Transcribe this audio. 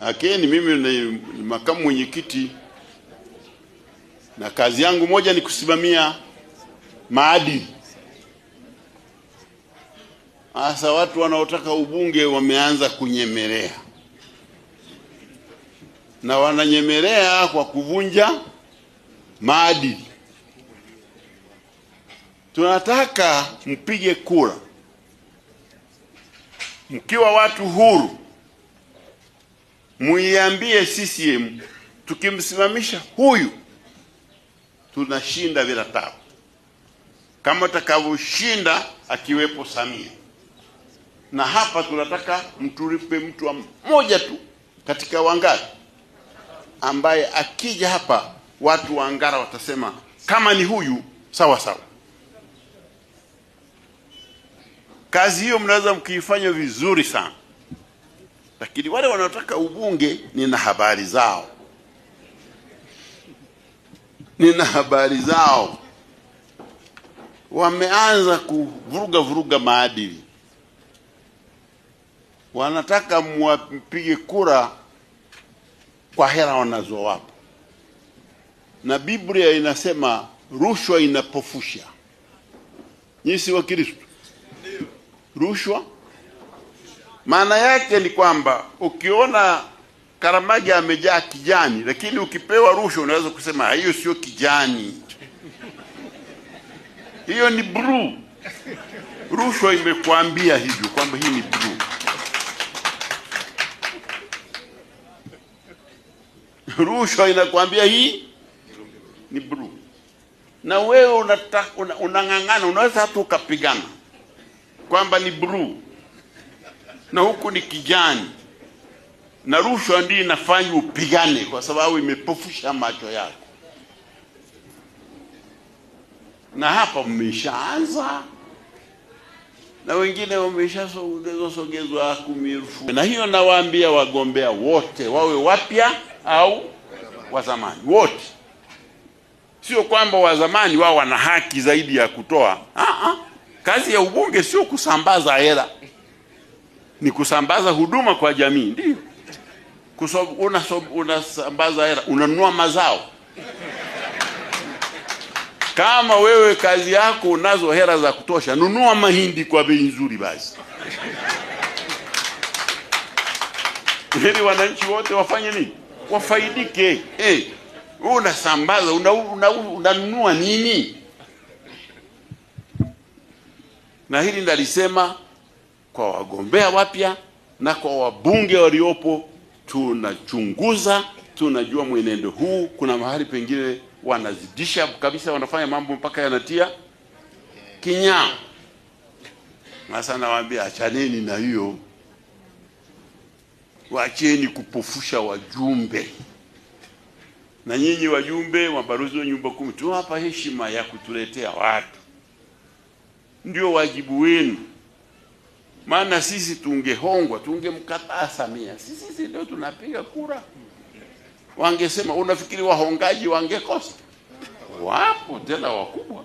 Lakini mimi ni makamu mwenyekiti na kazi yangu moja ni kusimamia maadili. Sasa watu wanaotaka ubunge wameanza kunyemelea na wananyemelea kwa kuvunja maadili. Tunataka mpige kura mkiwa watu huru muiambie CCM tukimsimamisha huyu tunashinda bila tabu, kama atakavyoshinda akiwepo Samia. Na hapa tunataka mtulipe mtu mmoja tu katika Wangara ambaye akija hapa watu wa Ngara watasema kama ni huyu sawa sawa. Kazi hiyo mnaweza mkiifanya vizuri sana lakini wale wanaotaka ubunge nina habari zao, nina habari zao. Wameanza kuvuruga vuruga maadili, wanataka mwapige kura kwa hela wanazowapa, na Biblia inasema rushwa inapofusha. Nyinyi si Kristo? Rushwa maana yake ni kwamba ukiona karamagi amejaa kijani, lakini ukipewa rushwa unaweza kusema ah, hiyo sio kijani, hiyo ni bluu. Rushwa imekwambia hivyo kwamba hii ni bluu. Rushwa inakwambia hii ni bluu, na wewe unang'ang'ana, una, una unaweza hata ukapigana kwamba ni bluu na huku ni kijani, na rushwa ndiyo inafanya upigane, kwa sababu imepofusha macho yako, na hapa mmeshaanza na wengine wameshasogezwa kumi elfu. Na hiyo nawaambia wagombea wote wawe wapya au wazamani, wote. Sio kwamba wazamani wao wana haki zaidi ya kutoa. Aa, ah, ah. kazi ya ubunge sio kusambaza hela ni kusambaza huduma kwa jamii, ndio unasambaza hela, unanunua mazao. Kama wewe kazi yako unazo hela za kutosha, nunua mahindi kwa bei nzuri basi, ili wananchi wote wafanye nini? Wafaidike. Hey, unasambaza unanunua, una, una nini? Na hili ndalisema kwa wagombea wapya na kwa wabunge waliopo. Tunachunguza, tunajua mwenendo huu, kuna mahali pengine wanazidisha kabisa, wanafanya mambo mpaka yanatia kinyaa. Sasa nawaambia achaneni na hiyo, wacheni kupofusha wajumbe. Na nyinyi wajumbe, mabalozi wa nyumba kumi, tunawapa heshima ya kutuletea watu, ndio wajibu wenu maana sisi tungehongwa, tungemkataa Samia. Sisi sisi ndio tunapiga kura, wangesema. Unafikiri wahongaji wangekosa? Wapo tena wakubwa.